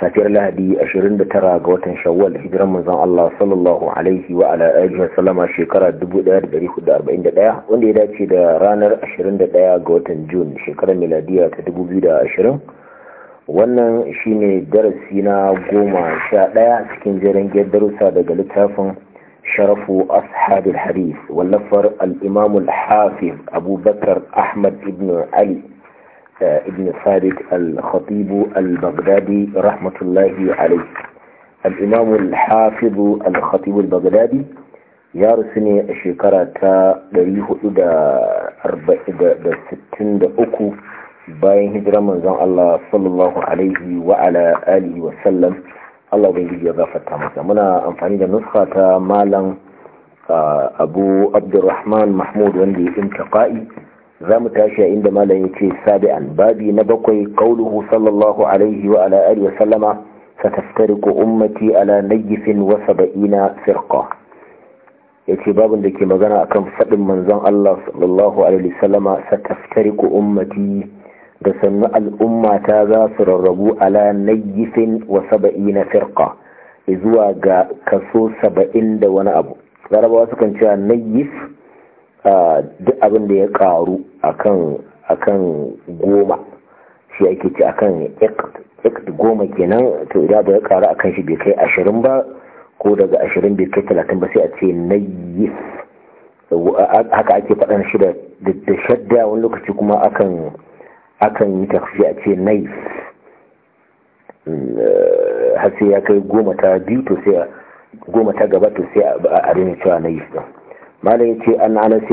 safiyar lahadi 29 ga watan shawwal hijiran manzon Allah sallallahu alaihi wa ala alihi wa sallama shekara 1441 wanda ya dace da ranar 21 ga watan Jun shekarar miladiya ta 2020 wannan shine darasi na goma sha daya cikin jerin darussa daga littafin sharafu ashabul hadith wallafar al-imam al-hafiz Abubakar Ahmad ibn Ali آه، ابن خالد الخطيب البغدادي رحمة الله عليه الإمام الحافظ الخطيب البغدادي يارسني الشكرة دريه إدى أربع إدى ستين دأكو باين هجرة من الله صلى الله عليه وعلى آله وسلم الله بيجي يضافة تامسة منا أنفعني نسخة مالا آه، أبو عبد الرحمن محمود وندي انتقائي za mu tashi a inda malam ya ce sabi'an babi na bakwai kauluhu sallallahu alaihi wa ala alihi wa sallama sataftariqu ummati ala nayyifin wa sab'ina firqa yace babin da ke magana akan fadin manzon Allah sallallahu alaihi wa sallama sataftariqu ummati da sannu al'umma ta za su rarrabu ala nayyifin wa sab'ina firqa zuwa ga kaso saba'in da wani abu larabawa sukan cewa nayyif duk abin da ya karu akan goma shi ake ce akan ikt goma kenan to idan da ya karu akan shi bai kai ashirin ba ko daga ashirin bai kai talatin ba sai a ce yi haka ake faɗan shi da shadda wani lokaci kuma akan akan yi tafiya a ce naif eh, har sai ya kai goma ta biyu to sai goma ta gaba to sai a rini cewa naif din mala أن أنس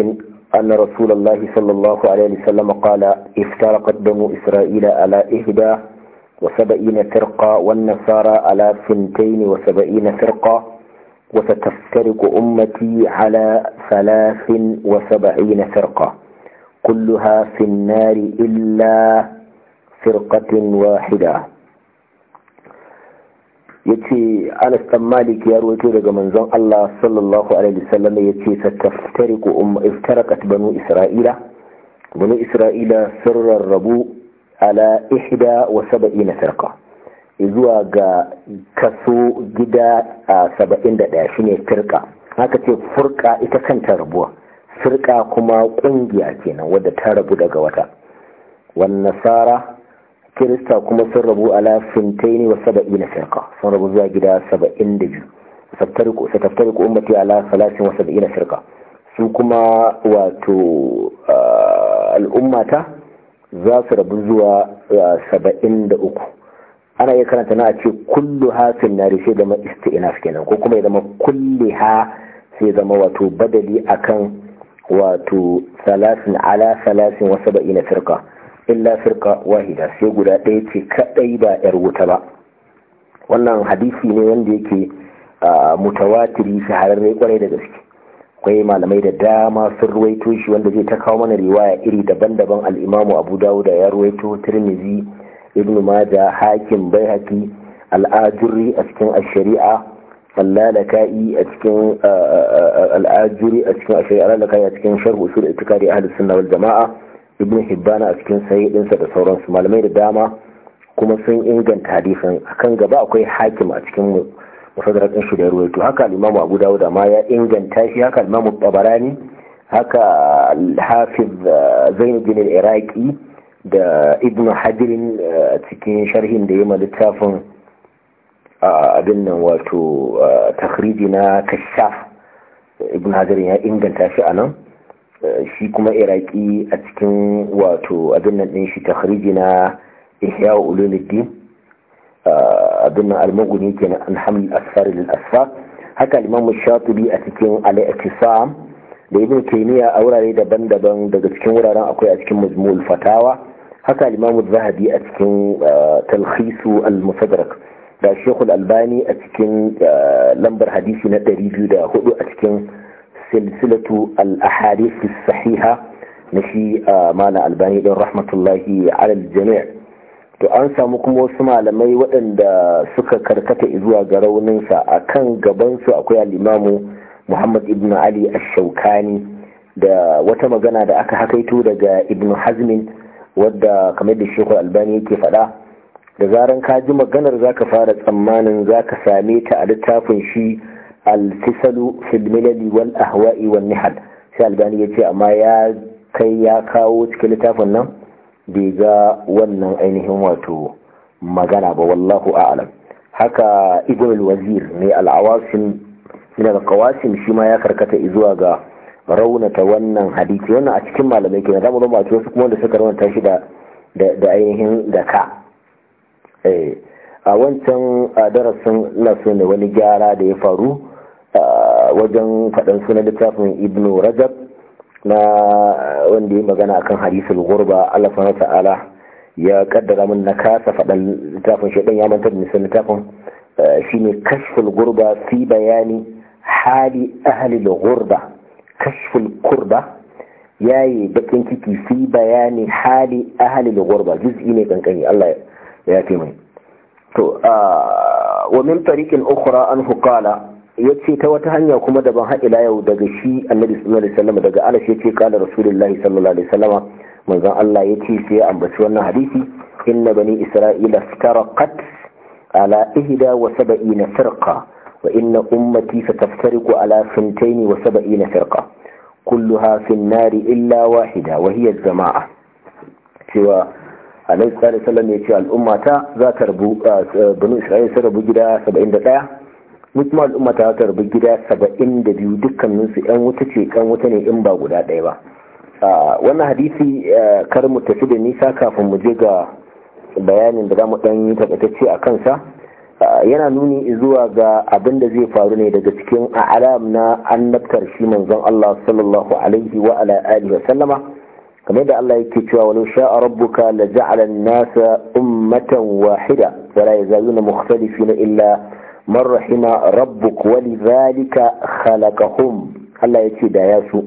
أن رسول الله صلى الله عليه وسلم قال افترقت بنو إسرائيل على إهدى وسبعين فرقة والنصارى على سنتين وسبعين فرقة وستفترق أمتي على ثلاث وسبعين فرقة كلها في النار إلا فرقة واحدة yace Anas dan Malik ya rawaito daga manzon Allah sallallahu alaihi wasallam yace sataftariqu umma iftarakat banu Isra'ila banu Isra'ila sirrar rabu ala ihda wa sab'ina firqa zuwa ga kaso gida a saba'in da daya shine firƙa. haka ce furƙa ita kanta rabuwa firqa kuma ƙungiya kenan wadda ta rabu daga wata wan nasara kirista kuma sun rabu ala sintaini wa saba'i na firka sun rabu zuwa gida saba'in da biyu sataftariku ummati ala salasin wa saba'i na firka su kuma wato al'ummata za su rabu zuwa saba'in da uku ana iya karanta na a ce kullu ha fin nari sai zama isti'inaf kenan ko kuma ya zama kulli ha sai zama wato badali akan wato salasin ala salasin wa saba'i na firka illa firqa wahida sai guda ɗaya ce kadai ba yar wuta ba wannan hadisi ne wanda yake mutawatiri shahararre kwarai da gaske akwai malamai da dama sun ruwaito shi wanda zai ta kawo mana riwaya iri daban-daban al'imamu abu dawuda ya ruwaito tirmizi ibn maja hakim baihaqi al'ajuri a cikin ashari'a lalaka'i a cikin al'ajuri a cikin ashari'a lalaka'i a cikin sharh usul ahli sunna wal jama'a ibn hibbana a cikin dinsa da sauransu malamai da dama kuma sun inganta hadisin akan gaba akwai hakim a cikin musadarakin shi da to haka al-imamu abu dawuda ma ya inganta shi haka al-imamu tabarani haka al-hafiz uh, zainuddin al-iraqi da ibn hadirin a uh, cikin sharhin da ya ma littafin uh, abin nan wato takhriji na kashaf ibn hadirin ya inganta shi a nan shi kuma iraki a cikin wato abin nan din shi takhriji na ihya ululuddin abin nan almaguni kenan na hamil asfar lil asfar haka imam shatibi a cikin al-iktisam da ibn taymiya a wurare daban-daban daga cikin wuraren akwai a cikin majmu'ul fatawa haka imam zahabi a cikin talkhisu al-musadrak da shekul albani a cikin lambar hadisi na 204 a cikin silsilatu al-ahadith as-sahiha na shi mana albani don rahmatullahi alal to an samu kuma wasu malamai waɗanda suka karkata zuwa ga rauninsa a kan gabansu akwai al'imamu muhammad ibn ali ash-shaukani da wata magana da aka hakaito daga ibn hazmin wadda kamar da shekul albani yake faɗa da zaran ka ji maganar za ka fara tsammanin za ka same ta a littafin shi alfisalu fi milali wal ahwa'i wal nihal sai albani ya ce amma ya kai ya kawo cikin littafin nan bai ga wannan ainihin wato magana ba wallahu a'lam haka ibn al-wazir mai al-awasim ne ga kawasim shi ma ya karkata zuwa ga raunata wannan hadisi wannan a cikin malamai kenan zamu zama wasu kuma da suka raunata shi da da ainihin da ka eh, a wancan darasin na so ne wani gyara da ya faru wajen faɗin sunan littafin ibn rajab na wanda ya magana akan hadisul gurba Allah subhanahu ta'ala ya kaddara min na kasa faɗin littafin shi ya mantar da littafin shine kashful gurba fi bayani hali ahli gurba kashful kurba yayi bakin ciki fi bayani hali ahli gurba ghurba juz'i ne kankani Allah ya fi mai to wa min tariqin ukhra ya ce ta wata hanya kuma daban haɗila yau daga shi annabi sallallahu alaihi wasallam daga anas ya ce kala rasulullahi sallallahu alaihi wasallama manzon Allah ya ce sai ya ambaci wannan hadisi inna bani isra'ila iftaraqat ala ihda wa sab'ina firqa wa inna ummati sataftariqu ala thintain wa sab'ina firqa kulluha fi Nari illa wahida wa hiya az cewa alaihi sallallahu alaihi wasallam ya ce al'ummata za ta rabu bani isra'ila sun rabu gida 71 mu kuma al'umma ta tarbi gida saba'in da biyu su yan wuta ce kan wuta ne in ba guda ɗaya ba wannan hadisi eh, kar mu tafi da nisa kafin mu je ga bayanin da zamu mu ɗan yi takaitacce a kansa yana nuni zuwa ga abin da zai faru ne daga cikin alam na annabtar shi manzon Allah sallallahu alaihi wa ala alihi wa sallama kamar da Allah yake cewa walau sha'a rabbuka la ja'ala an-nasa ummatan wahida wala yazaluna mukhtalifina illa man rahima rabbuk wali zalika khalaqahum Allah ya ce da ya so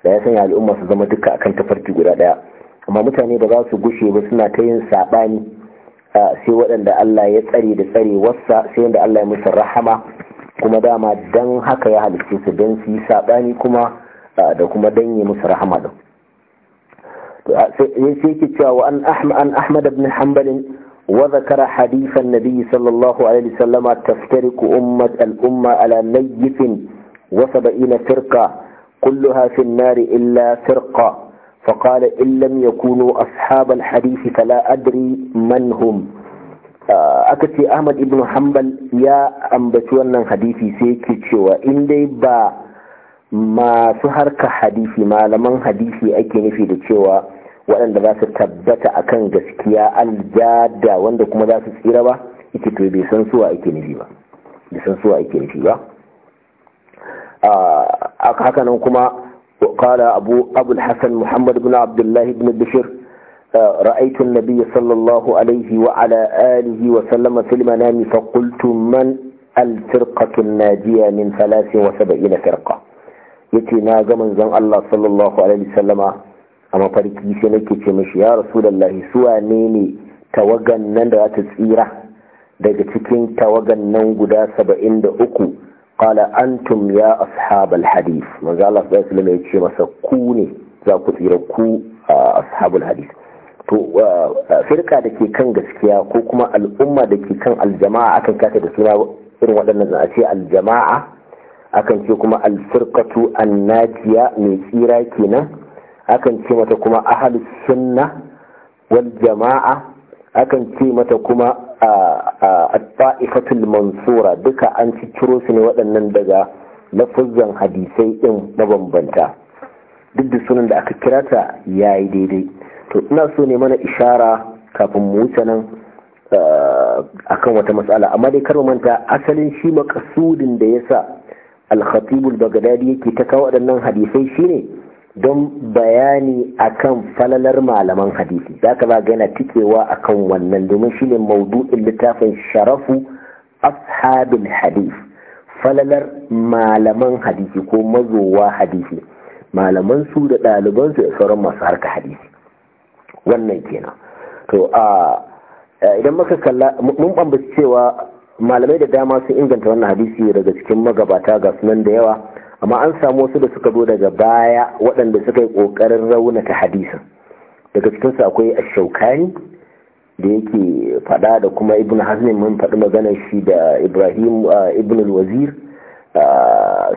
da ya sanya al'umma su zama duka akan tafarki guda daya amma mutane ba za su gushe ba suna ta yin sabani sai waɗanda Allah ya tsare da tsare wasa sai wanda Allah ya musu rahama kuma dama dan haka ya halicce su dan su yi sabani kuma da kuma dan ya musu rahama din sai yake cewa an ahmad ibn hanbal وذكر حديث النبي صلى الله عليه وسلم تفترق أمة الأمة على نيف وسبعين فرقة كلها في النار إلا فرقة فقال إن لم يكونوا أصحاب الحديث فلا أدري من هم akace Ahmad ibn Hanbal ya ambaci wannan hadisi sai yake cewa in dai ba masu harka hadisi malaman hadisi ake nufi da cewa waɗanda za su tabbata kan gaskiya aljada wanda kuma za su tsira ba ike to bai san suwa ake nufi ba bai san suwa ake nufi ba a haka nan kuma qala abu abul hasan muhammad ibn abdullah ibn bishr رأيت النبي صلى الله عليه وعلى آله وسلم في المنام فقلت من الفرقة الناجية من ثلاث وسبعين فرقة يتي ناغ من زن الله صلى الله عليه وسلم a mafarki sai nake ce mashi ya rasulullahi suwa ne ne tawagan nan da za ta tsira daga cikin tawagan nan guda saba'in da uku qala antum ya ashabal hadith manzo Allah sallallahu alaihi ya ce masa ku ne za ku tsira ku ashabul hadith to firka da ke kan gaskiya ko kuma al'umma da ke kan aljama'a akan kata da suna irin waɗannan a ce aljama'a akan ce kuma alfirkatu annajiya mai tsira kenan akan ce mata kuma ahal sunna wal jama'a akan ce mata kuma a ta'ifatul mansura duka an ci ciro su ne waɗannan daga lafazan hadisai ɗin mabambanta duk da sunan da aka kira ta ya yi daidai to ina so ne mana ishara kafin mu wuce nan akan wata matsala amma dai kar manta asalin shi makasudin da ya sa al-khatibul bagdadi yake ta kawo waɗannan hadisai shine don bayani akan falalar malaman hadisi za ka ba yana tikewa akan wannan domin shine maudu'in littafin sharafu ashabin hadis falalar malaman hadisi ko mazowa hadisi malaman su da ɗalibansu da sauran masu harka hadisi wannan kenan to a idan muka kalla mun bambaci cewa malamai da dama sun inganta wannan hadisi daga cikin magabata ga sunan da yawa amma an samu wasu da suka zo daga baya waɗanda suka yi ƙoƙarin raunata hadisin daga cikinsu akwai ashaukani da yake fada da kuma ibn hazmin mun faɗi maganar shi da ibrahim ibn wazir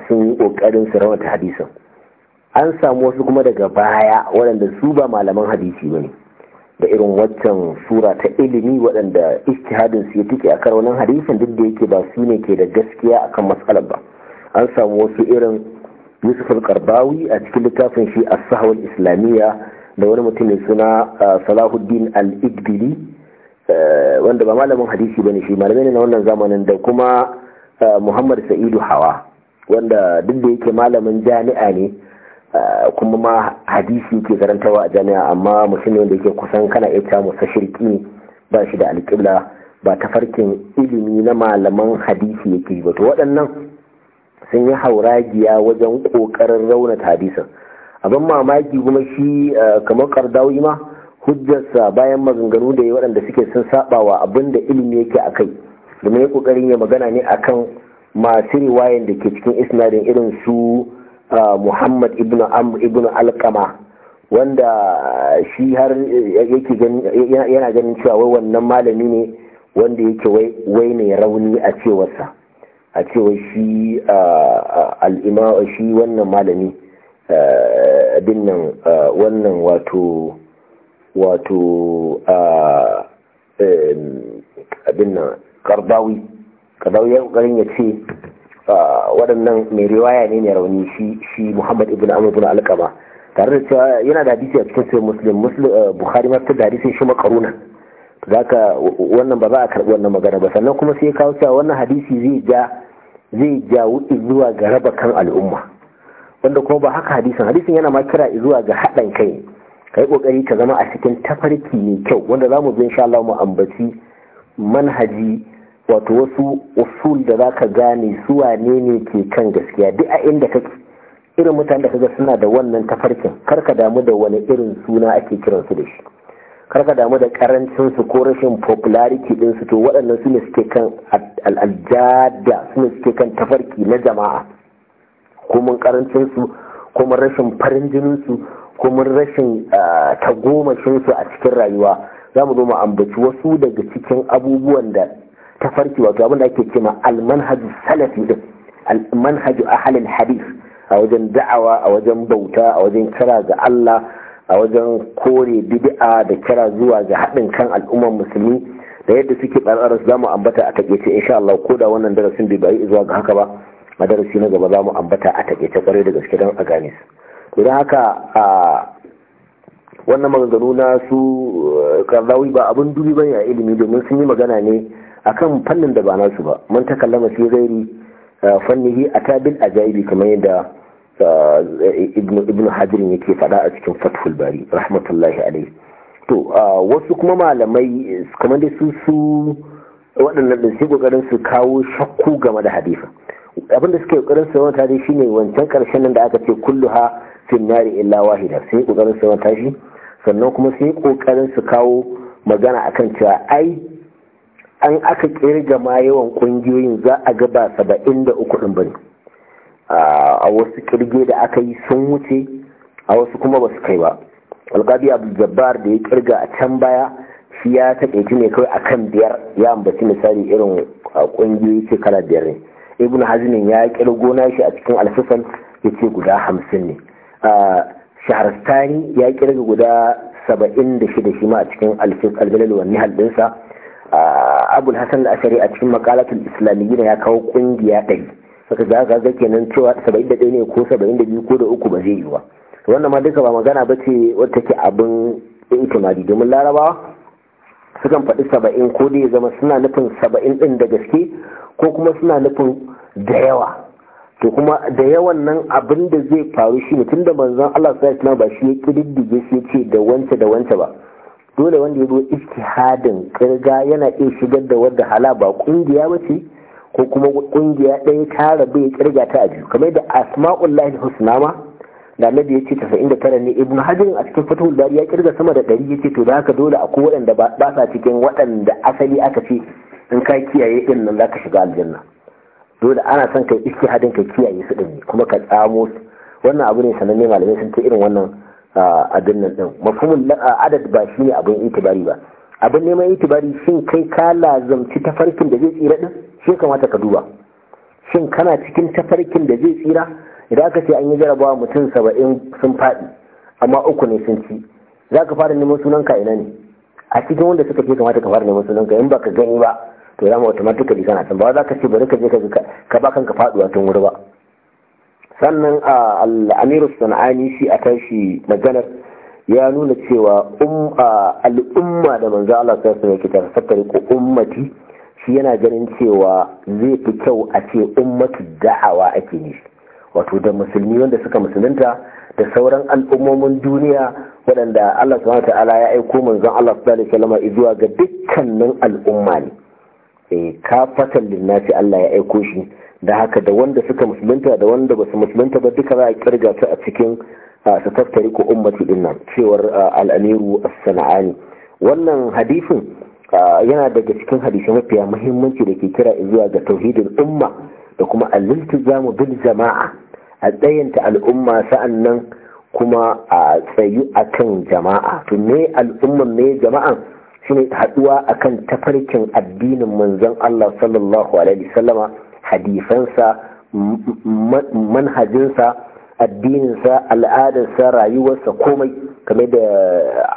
sun yi ƙoƙarin su raunata hadisin an samu wasu kuma daga baya waɗanda su ba malaman hadisi ba ne da irin waccan sura ta ilimi waɗanda ijtihadin su ya tike a kar hadisin duk da yake ba su ne ke da gaskiya akan matsalar ba an samu wasu irin yusuf al-qarbawi a cikin littafin shi a sahwal islamiyya da wani mutum mai suna uh, salahuddin al-igdiri uh, wanda ba malamin hadisi bane shi malamai ne na wannan zamanin da kuma uh, muhammad sa'idu hawa wanda duk da yake malamin jami'a ne kuma ma hadisi ke karantawa a jami'a amma mutum wanda yake kusan kana iya ta musa shirki ba shi da alƙibla ba tafarkin ilimi na malaman hadisi yake ba to waɗannan sun yi hauragiya wajen kokarin raunata hadisin abin mamaki kuma shi eh, kamar kardawi ma hujjarsa bayan maganganu da ya waɗanda suke sun saba wa abin da ilimi yake a kai domin ya kokarin ya magana ne akan masu riwayan da ke cikin isnadin irin su eh, muhammad ibn ibn alkama wanda eh, shi har yake yana ganin cewa wai wannan malami ne wanda yake wai ne rauni a cewarsa a cewa shi al'ima shi wannan malami abin nan wannan wato wato abin nan kardawi kardawi ya kokarin ya ce waɗannan mai riwaya ne mai rauni shi muhammad ibn amur ibn alqama tare da cewa yana da hadisi a cikin sai muslim muslim bukhari ma da hadisin shi makaruna zaka wannan ba za a karɓi wannan magana ba sannan kuma sai kawo cewa wannan hadisi zai ja zai jawo zuwa ga raba kan al'umma wanda kuma ba haka hadisin hadisin yana ma kira izuwa ga haɗin kai ka yi ƙoƙari ka zama a cikin tafarki mai kyau wanda za mu bi insha Allah mu ambaci manhaji wato wasu usul da za ka gane su wane ne ke kan gaskiya duk a inda kake irin mutanen da kaga suna da wannan tafarkin kar ka damu da wani irin suna ake kiransu da shi karka damu da karancin su ko rashin popularity din su to waɗannan su ne suke kan al'ajada su ne suke kan tafarki na jama'a ko karancin su ko rashin farin jinin su ko rashin ah, tagomashin su a cikin rayuwa za mu zo mu ambaci wasu daga cikin abubuwan da tafarki wato abin da ake cewa al-manhaju salafi din al-manhaju ahlul hadith a wajen da'awa a wajen bauta a wajen kira ga Allah a wajen kore bid'a da kira zuwa ga haɗin kan al'ummar musulmi da yadda suke tsararra za mu ambata a takaice insha Allah ko da wannan darasin bai bai zuwa ga haka ba a darasi na gaba za mu ambata a takaice kwarai da gaske don a gane su to don haka a wannan maganganu na su eh, karzawi ba abin dubi ne a ilimi domin sun yi magana ne akan fannin da ba nasu ba mun kallama fi ghairi eh, fannihi atabil ajaibi kamar yadda Ibnu hajjirin yake fada a cikin fathul bari rahmatullahi alaihi to wasu kuma malamai kamar da su su waɗannan da su ƙoƙarin su kawo shakku game da hadifa abinda suke ƙoƙarin su wanta dai ne wancan ƙarshen nan da aka ce kullu ha fi nari illa wahida sai ƙoƙarin su wanta shi sannan kuma sai ƙoƙarin su kawo magana akan cewa ai an aka ƙirga ma yawan ƙungiyoyin za a ga ba saba'in da uku ɗin bane a wasu kirge da aka yi sun wuce a wasu kuma ba su kai ba alkabi abu jabbar da ya kirga a can baya shi ya taƙaici ne kawai a kan biyar ya ambaci misali irin ƙungiyoyi ce kala biyar ne ibn hazinin ya kirgo na shi a cikin alfisan ya ce guda hamsin ne shaharstani ya kirga guda saba'in da shida shi ma a cikin albilal wa nihal ɗinsa abul da ashari a cikin makalatul islamiyya ya kawo ƙungiya ɗari saka ga ga kenan cewa 71 ne ko 72 ko da uku ba zai yi ba wannan ma duka ba magana ba ce wata ke abin itimadi domin larabawa sukan faɗi saba'in ko da ya zama suna nufin saba'in ɗin da gaske ko kuma suna nufin da yawa to kuma da yawan nan abin da zai faru shi ne tunda manzon Allah sai ya ba shi ya kididdige shi ce da wance da wance ba dole wanda ya zo istihadin kirga yana iya shigar da wanda hala ba ƙungiya ba ce ko kuma kungiya ɗaya ta rabu ya kirga ta a biyu kamar da asma'ullahi husna ma da nabi ya ce tasa'in da tara ne ibnu hajar a cikin fatuhul dari ya kirga sama da ɗari ya ce to da haka dole a waɗanda ba sa cikin waɗanda asali aka ce in ka kiyaye ɗin nan za ka shiga aljanna dole ana son kai hadin ka kiyaye su ɗin kuma ka tsamo su wannan abu ne sananne malamai sun ce irin wannan abin nan ɗin mafhumin adad ba shi ne abin itibari ba abin neman itibari shin kai ka lazamci tafarkin da zai tsira ɗin shi kamata ka duba shin kana cikin tafarkin da zai tsira idan aka ce an yi jarabawa mutum saba'in sun faɗi amma uku ne sun ci za ka fara neman sunanka ina ne a cikin wanda suka ce kamata ka fara neman sunanka in baka gani ba to ya ma automatically kana san ba za ka ce bari ka je ka ka ba kanka faduwa tun wuri ba sannan a al'amiru sana'ani shi a tashi maganar ya nuna cewa um, al'umma da manzo Allah sai su wasallam yake tafakkari ko ummati shi yana ganin cewa zai fi kyau a ce ummatu da'awa ake nishi wato da musulmi wanda suka musulunta da sauran al'ummomin duniya waɗanda Allah subhanahu ta'ala ya aiko manzon Allah sallallahu alaihi wasallam zuwa ga dukkanin al'umma ne eh kafatan linnasi Allah ya aiko shi da haka da wanda suka musulunta da wanda basu musulunta ba duka za a kirga su a cikin su tattari ko ummati din cewar al-amiru as-sana'ani wannan hadisin yana daga cikin hadisi mafiya muhimmanci da ke kira zuwa ga tauhidin umma da kuma al-iltizamu bil jama'a a tsayanta al'umma sa'annan kuma a tsayu akan jama'a to me al'umma me jama'an shine haduwa akan tafarkin addinin manzon Allah sallallahu alaihi wasallama hadisansa manhajinsa addininsa al'adarsa rayuwarsa komai kamar da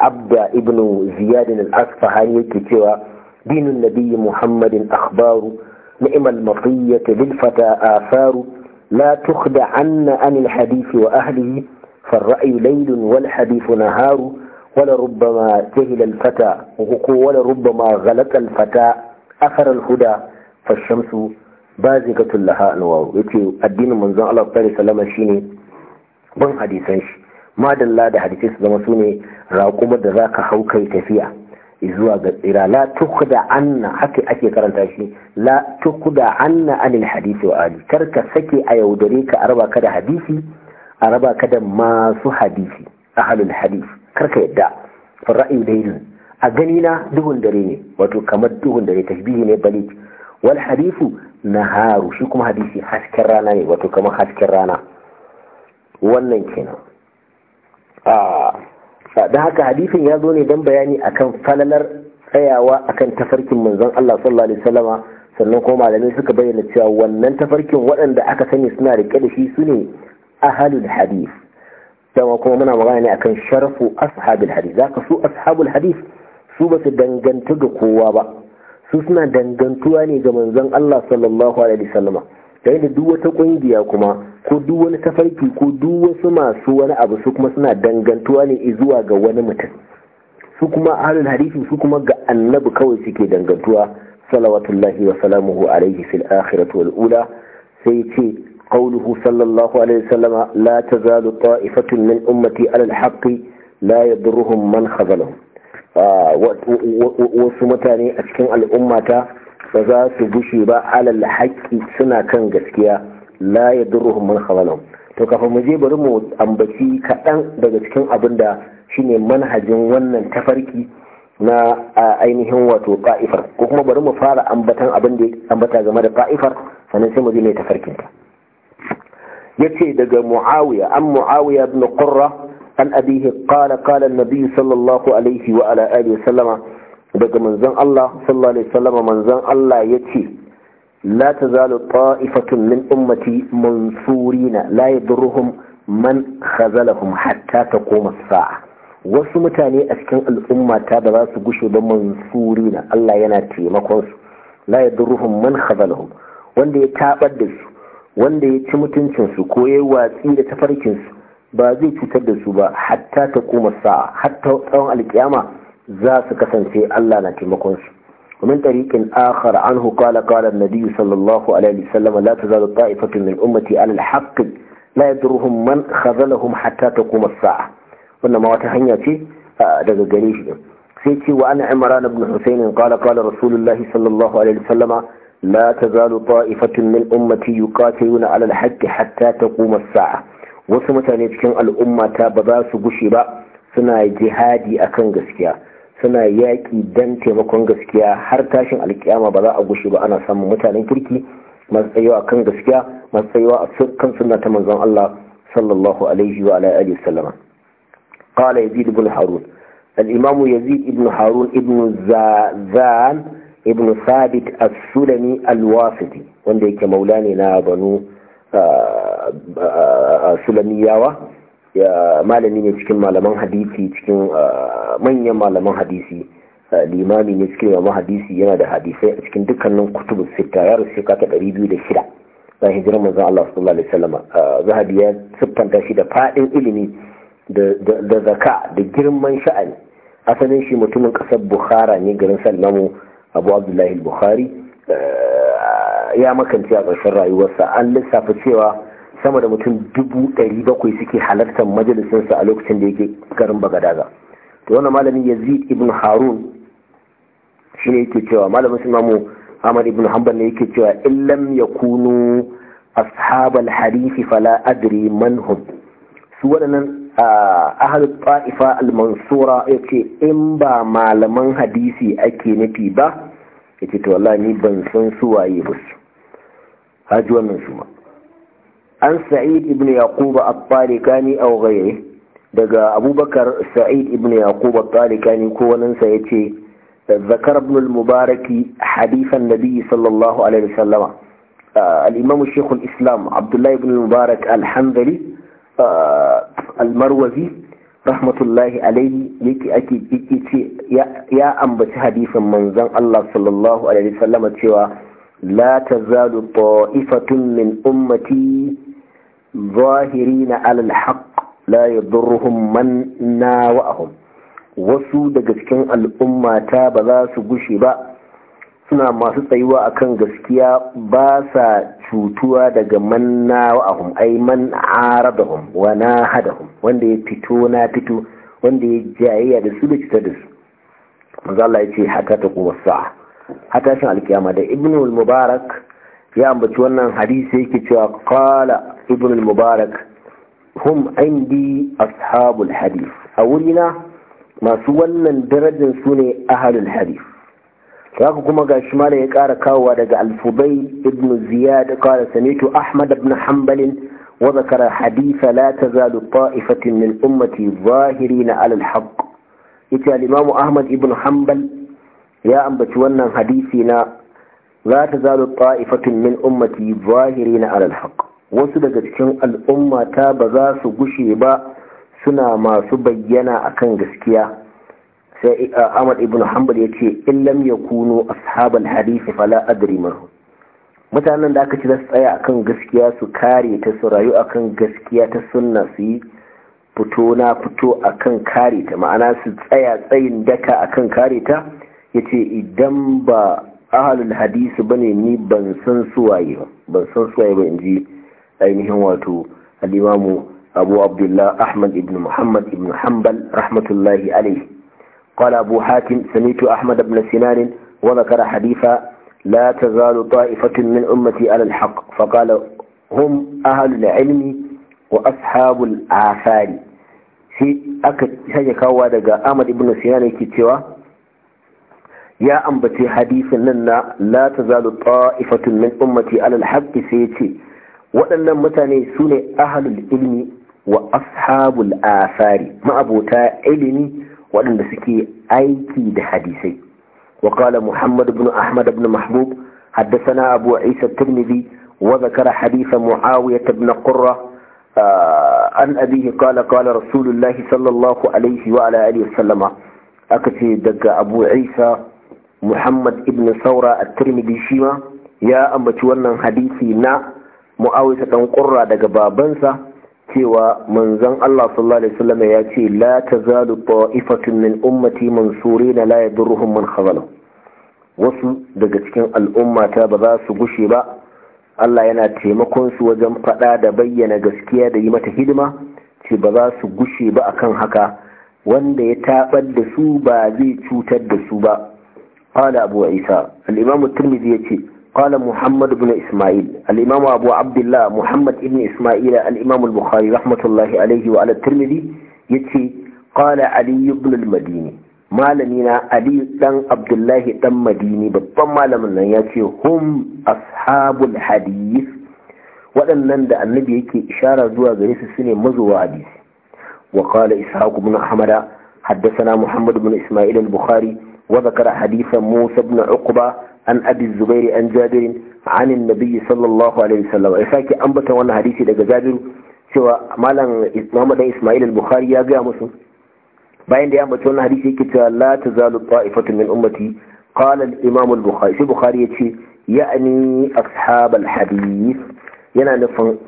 abda ibnu ziyadin al-asfahani yake cewa dinun nabi muhammadin akhbaru ni'mal matiyyati lil fata asaru la tukhda anna an al-hadith wa ahlihi فالرأي ليل والحديث نهار ولربما جهل الفتى ولربما غلط الفتى أثر الهدى فالشمس بازغة لها أنوار يتي الدين منزل الله صلى الله عليه وسلم شيني ban hadisan shi madalla da hadisai su zama su ne raƙuma da za ka hau kai tafiya zuwa ga tsira la tukda anna haka ake karanta shi la tukda anna anil hadisi wa ali kar ka sake a yaudare ka araba ka da hadisi araba ka da masu hadisi ahlul hadisi kar ka yadda fa ra'ayi daidai a gani na duhun dare ne wato kamar duhun dare tashbihi ne balik wal hadisu naharu shi kuma hadisi hasken rana ne wato kamar hasken rana wannan kenan da haka hadisin ya zo ne don bayani akan falalar tsayawa akan tafarkin manzon Allah sallallahu alaihi wasallama sannan kuma malamai suka bayyana cewa wannan tafarkin waɗanda aka sani suna rike da shi su ne ahalul hadith dama kuma muna magana ne akan sharafu ashabul hadith zaka su ashabul hadith su ba su danganta ga kowa ba su suna dangantuwa ne ga manzon Allah sallallahu alaihi wasallama da yadda duk wata kungiya kuma ko duk wani tafarki ko duk wasu masu wani abu su kuma suna dangantuwa ne zuwa ga wani mutum su kuma halin harifin su kuma ga annabi kawai suke dangantuwa salawatullahi wa salamuhu alaihi fil akhiratu wal ula sai ce qawluhu sallallahu alaihi wasallam la tazalu ta'ifatun min ummati ala al haqqi la yadurruhum man khazalahum ah, wasu mutane a cikin al'ummata ba za su bushe ba alal haƙƙi suna kan gaskiya la ya durruhum man khawalahum to kafin mu je bari mu ambaci kaɗan daga cikin abin da shine manhajin wannan tafarki na ainihin wato ta'ifar ko kuma bari mu fara ambatan abin da ambata game da kaifar sannan sai mu je mai tafarkin ta yace daga muawiya an muawiya ibn qurra an abihi qala qala an-nabi sallallahu alaihi wa ala alihi wa sallama daga manzon Allah sallallahu alaihi wasallam manzon Allah yace la tazalu ta'ifatun min ummati mansurina la yadurruhum man khazalahum hatta taquma as-sa'a wasu mutane a cikin al'umma ta da za su gushe da mansurina Allah yana taimakon su la yadurruhum man khazalahum wanda ya tabar da su wanda ya ci mutuncin su ko ya watsi da tafarkin su ba zai cutar da su ba hatta taquma as-sa'a hatta tsawon alkiyama za su kasance Allah na taimakon su ومن طريق آخر عنه قال قال النبي صلى الله عليه وسلم لا تزال طائفة من أمتي على الحق لا يدرهم من خذلهم حتى تقوم الساعة وإنما وتهنيتي daga gare shi sai ce wa ana imran ibn husayn qala qala rasulullahi sallallahu alaihi wasallama la tazalu ta'ifatun min ummati yuqatiluna ala al-haqq hatta taqum saa wasu mutane cikin al'ummata ba za su gushe ba suna jihadi akan gaskiya suna yaƙi don taimakon gaskiya har tashin alkiyama ba za a gushe ba ana samun mutanen kirki masu tsayuwa kan gaskiya masu tsayuwa a kan suna ta manzon Allah sallallahu alaihi wa alihi wasallam qala yazid ibn harun al imamu yazid ibn harun ibn zazan ibn sabit as-sulami al-wasiti wanda yake maula ne na banu ah, ah, ah, sulamiyawa malami ne cikin malaman hadisi cikin ah, manyan malaman hadisi ah, limami ne cikin malaman hadisi yana da hadisai a cikin dukkanin kutubu sita ya rasu shekata ɗari biyu da shida bayan hijirar manzon Allah sallallahu alaihi wasallam ah, zahabi ya siffanta shi da faɗin ilimi da zaka da girman sha'ani asalin shi mutumin ƙasar bukhara ne garin salmamu abu abdullahi bukhari ya makance a ƙarshen rayuwarsa an lissafa cewa sama da mutum dubu ɗari bakwai suke halartar majalisinsa a lokacin da yake garin bagadaza to wannan malamin yazid ibn harun shi ne yake cewa malamin suna mu ahmad ibn hanbal ne yake cewa illam yakunu ashabal harifi fala adri manhum su waɗannan ahal ta'ifa al-mansura yace in ba malaman hadisi ake nufi ba yace to wallahi ni ban san su waye ba su haji wannan su ma an sa'id ibn yaqub at-talikani aw ghayri daga abubakar sa'id ibn yaqub at-talikani ko wannan sa yace zakar ibn al-mubaraki an nabi sallallahu alaihi wasallam al-imam shaykh al-islam abdullah ibn al-mubarak al-hanbali al-marwazi rahmatullahi alaihi yake ake yake ce ya ambaci hadisin manzon Allah sallallahu alaihi wasallam cewa la tazalu ta'ifatun min ummati zahirina alal haqq la yadurruhum man nawa'ahum wasu daga cikin al'umma ta ba za su gushe ba suna masu tsayuwa akan gaskiya ba sa cutuwa daga man ai man aradahum wa nahadahum wanda ya fito na fito wanda ya jayayya da su da cutar da su manzo Allah ya ce ta kuma sa'a Hata shin alkiyama da ibnu mubarak ya ambaci wannan hadisi yake cewa qala ibn al-mubarak hum indi ashabul hadith a wurina masu wannan darajar su ne ahalul hadith haka kuma gashi shi ya kara kawowa daga al ibnu ibn ziyad qala sanitu ahmad ibn hanbal wa zakara hadith la tazalu ta'ifatin min ummati zahirin 'ala al-haqq ita al-imam ahmad ibn hanbal ya ambaci wannan hadisi na Zata ta zalu ta'ifatun min ummati zahiri alal haqq wasu daga cikin al'ummata ba za su gushe ba suna masu bayyana akan gaskiya sai Ahmad ibn Hanbal yace in lam yakunu ashabal hadith fala adri manhu mutanen da aka ci za su tsaya akan gaskiya su kare ta su rayu akan gaskiya ta sunna su yi fito na fito akan kare ta ma'ana su tsaya tsayin daka akan kare ta yace idan ba ahalul hadisi bane ni ban san suwaye ba ban san suwaye ba inji ainihin wato al-imamu abu abdullah ahmad ibn muhammad ibn hanbal rahmatullahi alaihi قال أبو حاتم سمعت أحمد بن سنان وذكر حديثا لا تزال طائفة من أمتي على الحق فقال هم أهل العلم وأصحاب الآثار في أكد هذا كوا دقا أحمد بن سنان كتوا ya ambace hadisin nan na la ta zalu ta'ifatun ummati alal haqqi sai ce waɗannan mutane su ne ahalul ilmi wa ashabul asari ma'abota ilimi waɗanda suke aiki da hadisai wa qala muhammad ibn ahmad ibn mahbub haddathana abu isa tirmidhi wa dhakara hadith muawiyah ibn qurra ah, an abih qala qala rasulullahi sallallahu alayhi wa ala alihi wasallama akace daga abu isa muhammad ibn saura a tirmidhi shi ma ya ambaci wannan hadisi na mu'awisa dan qurra daga babansa cewa manzon Allah sallallahu alaihi wasallam ya ce la tazalu ta'ifatun min ummati mansurina la yadurruhum man khazala wasu daga cikin al'ummata ba za su gushe ba Allah yana taimakon su wajen faɗa da bayyana gaskiya da yi mata hidima ce ba za su gushe ba akan haka wanda ya taɓar da su ba zai cutar da su ba قال أبو عيسى الإمام الترمذي يتي قال محمد بن إسماعيل الإمام أبو عبد الله محمد بن إسماعيل الإمام البخاري رحمة الله عليه وعلى الترمذي يتي قال علي بن المديني malamina Ali dan Abdullahi dan Madini babban malamin nan ya ce hum ashabul hadith waɗannan da annabi yake ishara zuwa gare su sune mazuwa hadisi wa qala ishaq ibn ahmada haddathana muhammad ibn isma'il al-bukhari وذكر حديث موسى بن عقبة عن أبي الزبير عن جابر عن النبي صلى الله عليه وسلم إذا كي أنبت وانا حديثي لك جابر سوى مالا محمد إسماعيل البخاري يا مسلم bayan da ya ambaci wannan hadisi yake cewa la tazalu ta'ifatu min ummati qala al imam al bukhari shi bukhari yace ya'ni ashab al yana nufin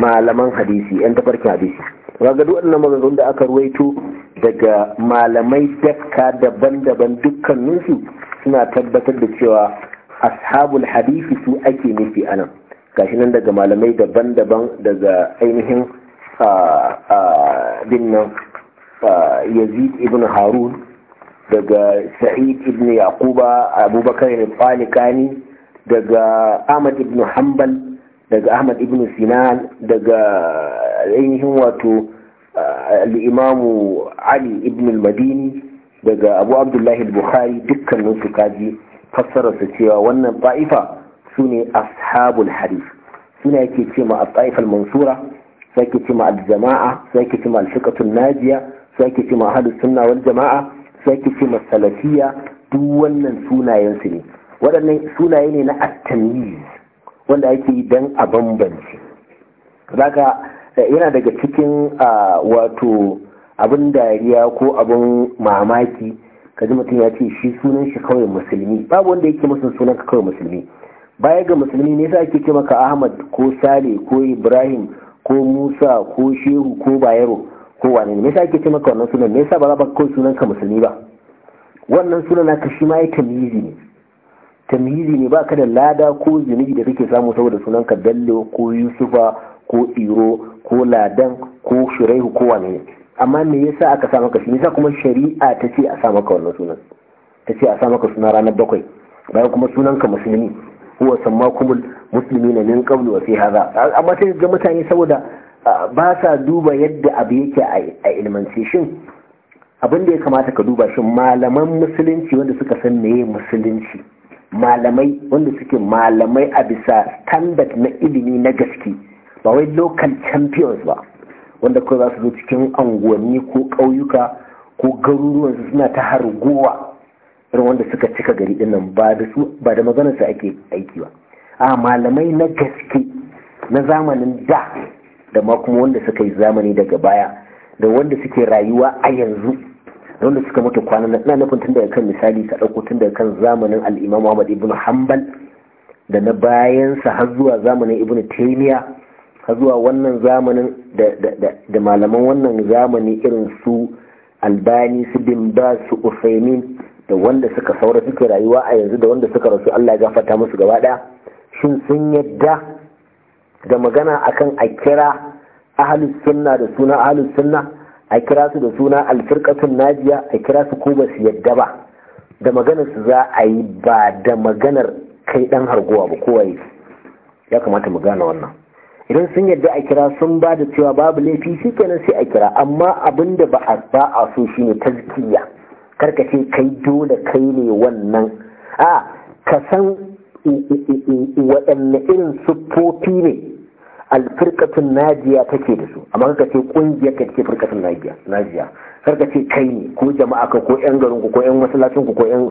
malaman hadisi yan tafarkin hadisi ga duk wannan maganganun da aka ruwaito daga malamai dakka daban-daban dukkaninsu suna tabbatar da cewa ashabul hadisi su ake nufi anan gashi nan daga malamai daban-daban daga ainihin binnan yazid ibn harun daga sa'id ibn yaquba abubakar ibn falikani daga ahmad ibn hanbal daga ahmad ibn sinan daga ainihin wato al'imamu ali ibn al-madini daga abu abdullahi al-bukhari dukkanin su kaji fassararsa cewa wannan ta'ifa su ne ashabul hadith suna yake ce ma a ta'ifar mansura su ke ce ma al-jama'a su ke ce ma al najiya su ke ce ma ahlus sunna wal jama'a su ke ce ma salafiyya duk wannan sunayen su ne waɗannan sunaye ne na at-tamyiz wanda ake yi dan a bambance zaka Eh, yana daga cikin wato abin dariya ko abin mamaki Ka kaji mutum ya ce shi sunan shi kawai musulmi babu wanda yake musun sunan ka kawai musulmi baya ga musulmi ne ake ce maka ahmad ko sale ko ibrahim ko musa ko shehu ko bayero ko wane ne a ake ce maka wannan sunan me sa ba za ba kawai sunan ka musulmi ba wannan sunan naka shi ma ya tamizi ne Tamizi ne baka da lada ko zunubi da kake samu saboda sunan ka bello ko yusufa ko Iro, ko ladan ko shiraihu ko ne. amma me yasa aka sa maka shi kuma shari'a ta ce a sa maka wannan sunan ta ce a sa maka sunan ranar bakwai bayan kuma sunanka musulmi huwa musulmi na min qablu wa fi hada. amma sai ga mutane saboda ba sa duba yadda abu yake a ilmance shin abin da ya kamata ka duba shin malaman musulunci wanda suka san meye musulunci malamai wanda suke malamai a bisa standard na ilimi na gaske ba wai local champions ba wanda kawai za su zo cikin unguwanni ko ƙauyuka ko garuruwansu suna ta harguwa irin wanda suka cika gari dinnan ba da su ba da maganar su ake aiki ba a malamai na gaske na zamanin da da ma kuma wanda suka yi zamani daga baya da wanda suke rayuwa a yanzu da wanda suka mutu kwana na ina nufin tun daga kan misali ka ɗauko tun daga kan zamanin al'imam Muhammad ibn Hanbal da na bayansa har zuwa zamanin ibn Taymiyyah ka zuwa wannan zamanin da malaman wannan zamani irin su albani su dimba su usaimin da wanda suka saura suke rayuwa a yanzu da wanda suka rasu allah ya fata musu gaba ɗaya shin sun yadda da magana akan a kira ahalus sunna da suna ahalus sunna a kira su da suna alfirkatun najiya a kira su ko ba su yadda ba da maganar su za a yi ba da maganar kai dan harguwa ba kowa ya kamata mu gane wannan idan sun yadda a kira sun ba da cewa babu laifi shi kenan sai a kira amma abin da ba a ba a so shi ne tazkiya karkace kai dole kai ne wannan a ka san waɗanne irin siffofi ne alfirkatun najiya take da su amma ka ce ƙungiyar ka ce firkatun najiya karka ce kai ne ko jama'a ka ko yan garinku ko yan masallacinku ko yan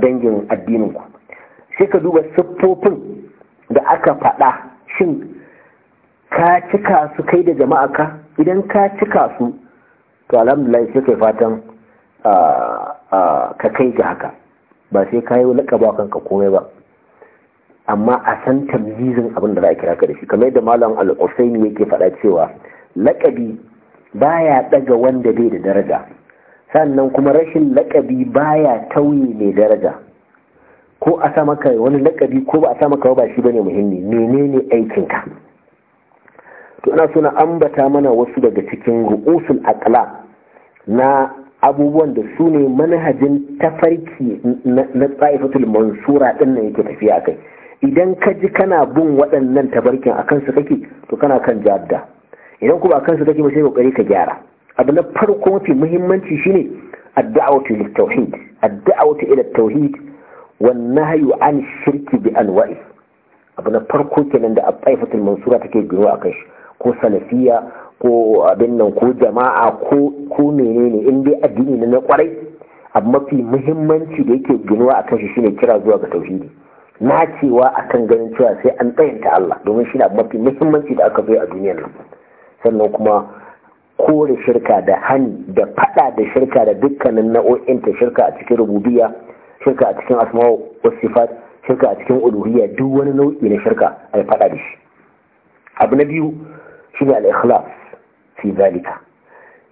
dangin addininku sai ka duba siffofin da aka faɗa shin ka cika su kai da jama'a ka idan ka cika su to alhamdulillah sai kai fatan ka kai ga haka ba sai ka yi lakaba kanka komai ba amma a san tamzizin abin da za a kira ka da shi kamar yadda malam al-usaini yake faɗa cewa lakabi baya ɗaga wanda bai da daraja sannan kuma rashin lakabi baya tauye mai daraja ko a sa maka wani lakabi ko ba a sa maka ba shi bane muhimmi menene aikinka to ina so na ambata mana wasu daga cikin ru'usul aqla na abubuwan da su ne manhajin tafarki na tsaifatul mansura din nan yake tafiya kai idan ka ji kana bin waɗannan tabarkin a kansu kake to kana kan jadda idan kuma a kansu kake ba sai kokari ka gyara abu na farko mafi muhimmanci shine addu'atu lit tauhid addu'atu ila tauhid wan nahyu an shirki bi anwa'i abu na farko kenan da tsaifatul mansura take gero akan shi ko salafiya ko abin nan ko jama'a ko menene in dai addini ne na kwarai abu mafi muhimmanci da yake ginuwa a kan shi shine kira zuwa ga tauhidi na cewa akan ganin cewa sai an tsayanta Allah domin shi abu mafi muhimmanci da aka zo a duniyar nan sannan kuma kore shirka da hani da fada da shirka da dukkanin nau'o'in ta shirka a cikin rububiya shirka a cikin asma'u sifat shirka a cikin uluhiyya duk wani nau'i na shirka a fada da shi abu na biyu shine al-ikhlas fi zalika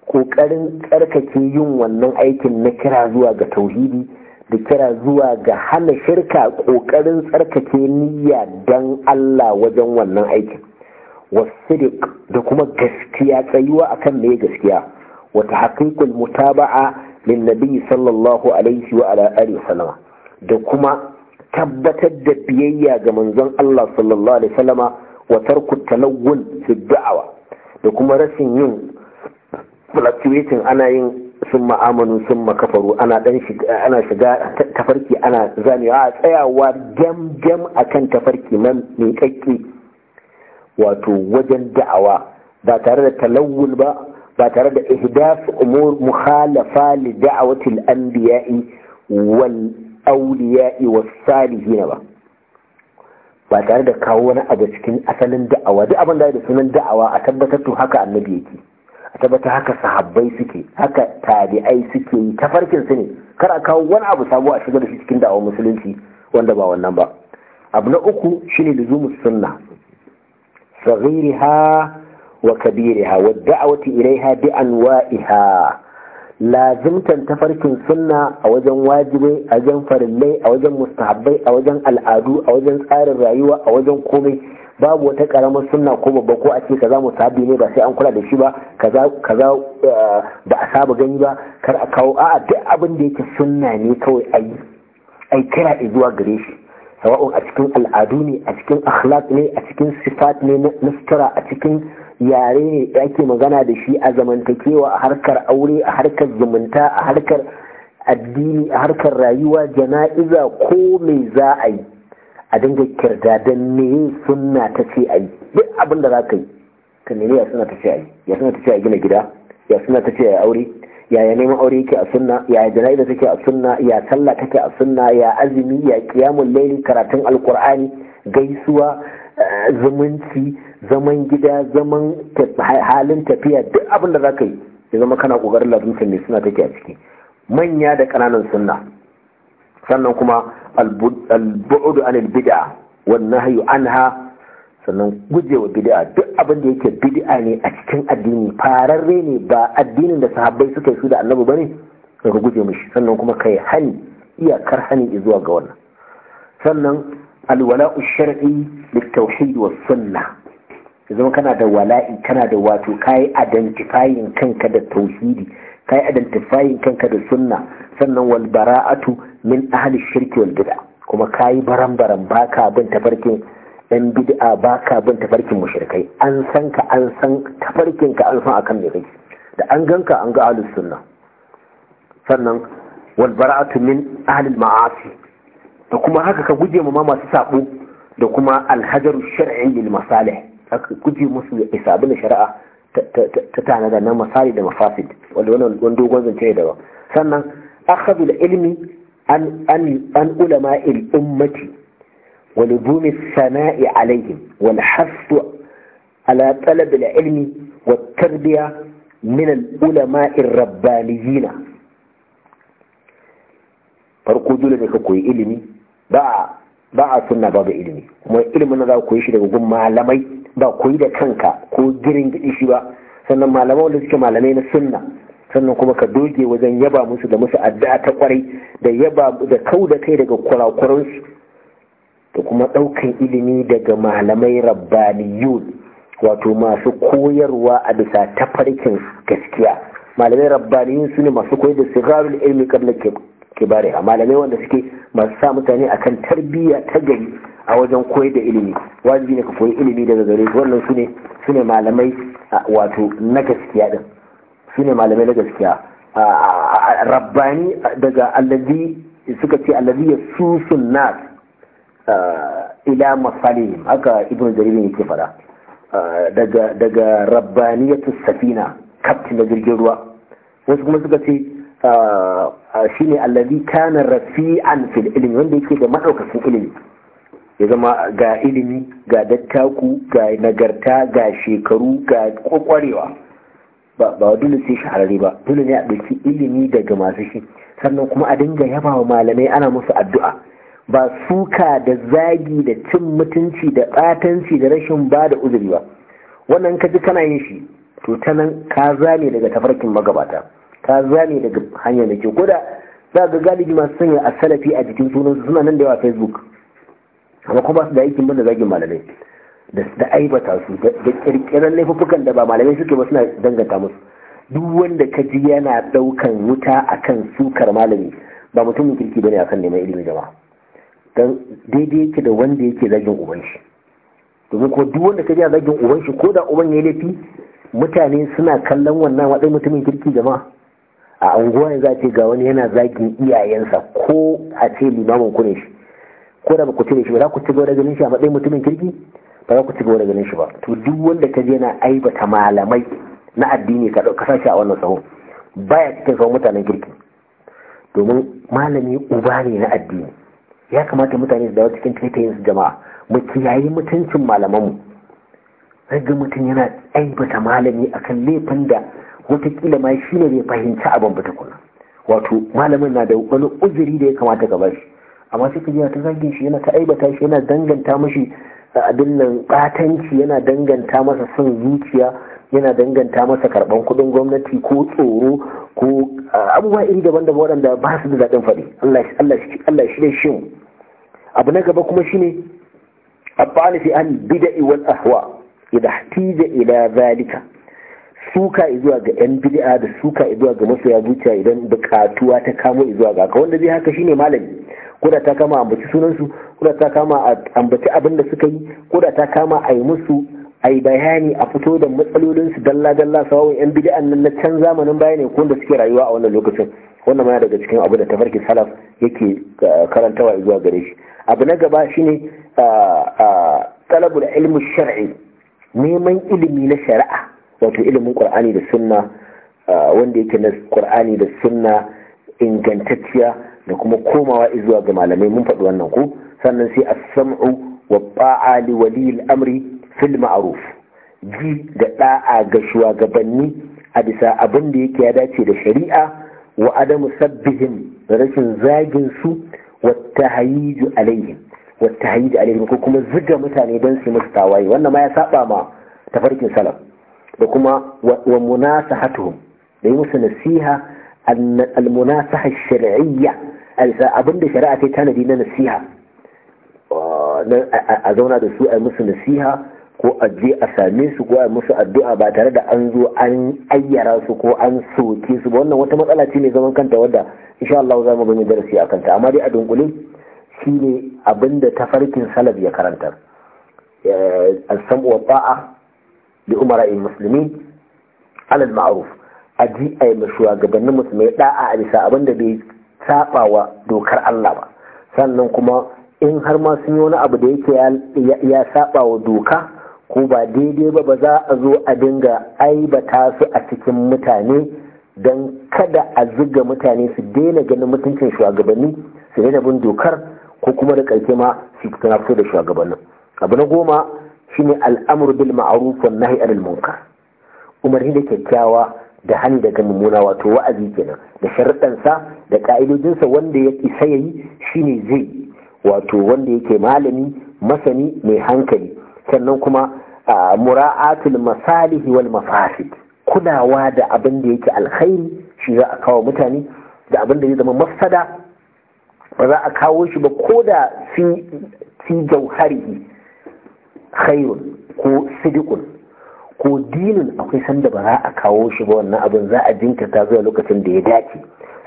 kokarin tsarkake yin wannan aikin na kira zuwa ga tauhidi da kira zuwa ga hana shirka kokarin tsarkake niyya dan Allah wajen wannan aikin wasidiq da kuma gaskiya tsayuwa akan me gaskiya wa tahqiqul mutaba'a lin nabi sallallahu alaihi wa ala alihi da kuma tabbatar da biyayya ga manzon Allah sallallahu alaihi wasallama وترك التلول في الدعوة لكم رسل يوم فلاتويتن أنا ين ثم آمنوا ثم كفروا أنا دنشت أنا شجاع كفركي أنا زاني عاد أيا وجم جم أكن كفركي من من كيكي وتوجن دعوة باترى التلون با باترى إهداف أمور مخالفة لدعوة الأنبياء والأولياء والصالحين با. ba tare da kawo wani abu cikin asalin da'awa duk abin da da sunan da'awa a tabbatar to haka annabi yake a tabbatar haka sahabbai suke haka tabi'ai suke yi tafarkin su ne kar a kawo wani abu sabo a shigar da shi cikin da'awar musulunci wanda ba wannan ba abu na uku shine luzumu sunna saghiriha wa kabiriha wa da'awati ilaiha bi anwa'iha lazimtan tafarkin sunna a wajen wajibai a wajen farillai a wajen mustahabbai a wajen al'adu a wajen tsarin rayuwa a wajen komai babu wata karamar sunna ko babba ko a ce kaza musabi ne ba sai an kula da shi ba kaza kaza eh, ba a saba gani ba kar a kawo a'a duk abin da yake sunna ne kawai ayi ai kira zuwa gare shi sawa'un a cikin al'adu ne a cikin akhlaq ne a cikin sifat ne na sutura a cikin yare ne yake magana da shi a zamantakewa a harkar aure a harkar zumunta a harkar addini a harkar rayuwa jana'iza ko me za a yi a dinga kirda don me suna ta ce a yi duk abin da za ka yi ka nemi ya suna ta ce a yi ya suna ta ce a gina gida ya suna ta ce a aure yaya neman aure yake a sunna yaya jana'iza take a sunna ya sallah take a sunna ya azumi ya kiyamun laili karatun alkur'ani gaisuwa zumunci zaman gida zaman halin tafiya duk abin da za ka yi ya zama kana ƙoƙarin lazumcin ne suna take a ciki manya da ƙananan sunna sannan kuma albu'udu anil bid'a wan an anha sannan gujewa bid'a duk abin da yake bid'a ne a cikin addini fararre ne ba addinin da sahabbai suka yi su da annabi bane ka guje mishi sannan kuma kai hani iyakar hani zuwa ga wannan sannan alwala'u shar'i littauhid wa sunna zama kana da wala'i kana da wato kayi identifying kanka da tauhidi kayi identifying kanka da sunna sannan wal bara'atu min ahli shirki wal bid'a kuma kayi baran-baran baka bin tafarkin yan bid'a baka bin tafarkin mushrikai an san ka an san tafarkin ka an san akan me kake da an ganka an ga ahlus sunna sannan wal bara'atu min ahli al ma'asi da kuma haka ka guje ma masu sabo da kuma alhajaru shar'i lil masalih haka guje musu isabi shari'a ta tanada nan masali da mafasid wanda wannan dogon zance da sannan akhadul ilmi an an an ulama il ummati wa nudumi sana'i alaihim wal hasu ala talab al ilmi wa tarbiya min al ulama ar rabbaniyina farko dole ne ka koyi ilimi ba a sunna babu ilimi kuma ilimin na za ku yi shi daga gun malamai ba ku yi da kanka ko girin gidi shi ba sannan malamai wanda suke malamai na sunna sannan kuma ka doge wajen yaba musu da musu addu'a ta kwarai da yaba da kau da kai daga kurakuransu da kuma ɗaukan ilimi daga malamai rabbaniyun wato masu koyarwa a bisa tafarkin gaskiya malamai rabbaniyun su ne masu koyar da sigarul ilmi kabla bare a malamai wanda suke masu sa mutane akan tarbiyya ta gari a wajen koyar da ilimi wajibi ne ka koyi ilimi daga gare su wannan sune sune malamai wato na gaskiya din sune malamai na gaskiya rabbani daga allazi suka ce allazi yasusun nas ila masalihim haka ibnu jarir yake fada daga daga rabbaniyatus safina kaftin da jirgin ruwa wasu kuma suka ce shi ne allazi kana rafi'an fil ilmi wanda yake da madaukakin ilimi ya zama ga ilimi ga dattaku ga nagarta ga shekaru ga kwakwarewa ba ba dole sai shahararre ba dole ne a ɗauki ilimi daga masu shi sannan kuma a dinga yaba wa malamai ana musu addu'a ba suka da zagi da cin mutunci da ɓatanci da rashin ba da uzuri ba wannan ka ji kana yin shi to ta nan ka zame daga tafarkin magabata ka zane daga hanyar da ke koda za ga galibi masu sanya a salafi a jikin sunan suna nan da yawa facebook amma kuma su da aikin banda zagin malamai da aibata su da kirkirar laifukan da ba malamai suke ba suna danganta musu duk wanda ka ji yana daukan wuta akan sukar malami ba mutumin kirki bane akan neman ilimin jama'a dan daidai yake da wanda yake zagin uban shi domin ko duk wanda ka ji zagin uban shi ko da uban ya laifi mutane suna kallon wannan wadai mutumin kirki jama'a a unguwa za a ce ga wani yana zagin iyayensa ko a ce limamin ku ne shi ko da ba ku cire shi ba za ku ci gaba da ganin shi a matsayin mutumin kirki ba za ku ci gaba da ganin shi ba to duk wanda ka je yana aibata malamai na addini ka ɗauka sashi a wannan sahun baya cikin sahun mutanen kirki domin malami uba ne na addini ya kamata mutane su dawo cikin taitayin su jama'a mu kiyaye mutuncin malamanmu ga mutum yana aibata malami akan laifin da wataƙila ma shi ne bai fahimci abin ba tukuna wato malamin na da wani uzuri da ya kamata ka bashi amma sai ka ta zagin shi yana ta aibata shi yana danganta mashi abin nan batanci yana danganta masa son zuciya yana danganta masa karban kudin gwamnati ko tsoro ko abubuwa iri daban-daban waɗanda ba su da daɗin faɗi Allah shi da shi abu na gaba kuma shi ne. abba alifi an bida iwal ahwa idan tija ila zalika suka zuwa ga yan bid'a da suka zuwa ga masoya zuciya idan bukatuwa ta kamo zuwa ga ka wanda zai haka shine malami koda ta kama ambaci sunansu koda ta kama ambaci abin da suka yi koda ta kama a yi musu a yi bayani a fito da matsalolinsu dalla-dalla sawon yan bid'a nan na can zamanin baya ne da suke rayuwa a wannan lokacin wannan ma daga cikin abu da tafarki salaf yake eh, karantawa zuwa gare shi abu na gaba shine eh, eh, talabul ilmi shar'i neman ilimi na shari'a wato ilimin ƙur'ani da sunna wanda yake na ƙur'ani da sunna ingantacciya da kuma komawa zuwa ga malamai mun faɗi wannan ku sannan sai a samu wa ba'a li wali amri fil ma'ruf ji da ɗa'a ga shugabanni a bisa abin da yake ya dace da shari'a wa adamu sabbihim rashin zagin su wa tahayyiju alaihim wata hayi da ko kuma ziga mutane don su musu tawaye wannan ma ya saba ma tafarkin salaf da kuma wa munasahatuhum da yi musu nasiha al munasaha shar'iyya abin da shari'a ta tanadi na nasiha a zauna da su a musu nasiha ko a je a same su ko a musu addu'a ba tare da an zo an ayyara su ko an soke su ba wannan wata matsala ce ne zaman kanta wadda insha Allah za mu gani darasi a kanta amma dai a dunkule shine abinda tafarkin salaf ya karanta eh, al-sam'u wa ta'a da umara'in musulmi alal ma'aruf a ji a yi shugabannin musulmai da'a a bisa abin da bai saba wa dokar Allah ba sannan kuma in har ma sun yi wani abu da yake ya saɓa wa doka ko ba daidai ba ba za a zo a dinga aibata su a cikin mutane don kada a zuga mutane su daina ganin mutuncin shugabanni su daina bin dokar ko kuma da ƙarfe ma su fito da shugabannin abu na goma shine al'amur bil ma'arufin wan nahy anil munkar umarni da kyakkyawa da hani daga mummuna wato wa'azi kenan da sa da ƙa'idojinsa wanda ya isa yayi shine zai wato wanda yake malami masani mai hankali sannan kuma mura'atul masalihi wal mafasid kulawa da abin da yake alkhairi shi za a kawo mutane da abin da zai zama mafsada ba za a kawo shi ba ko da fi jauhari khairun ko sidikun ko dinin akwai sanda ba za a kawo shi ba wannan abin za a jinkirta zuwa lokacin da ya dace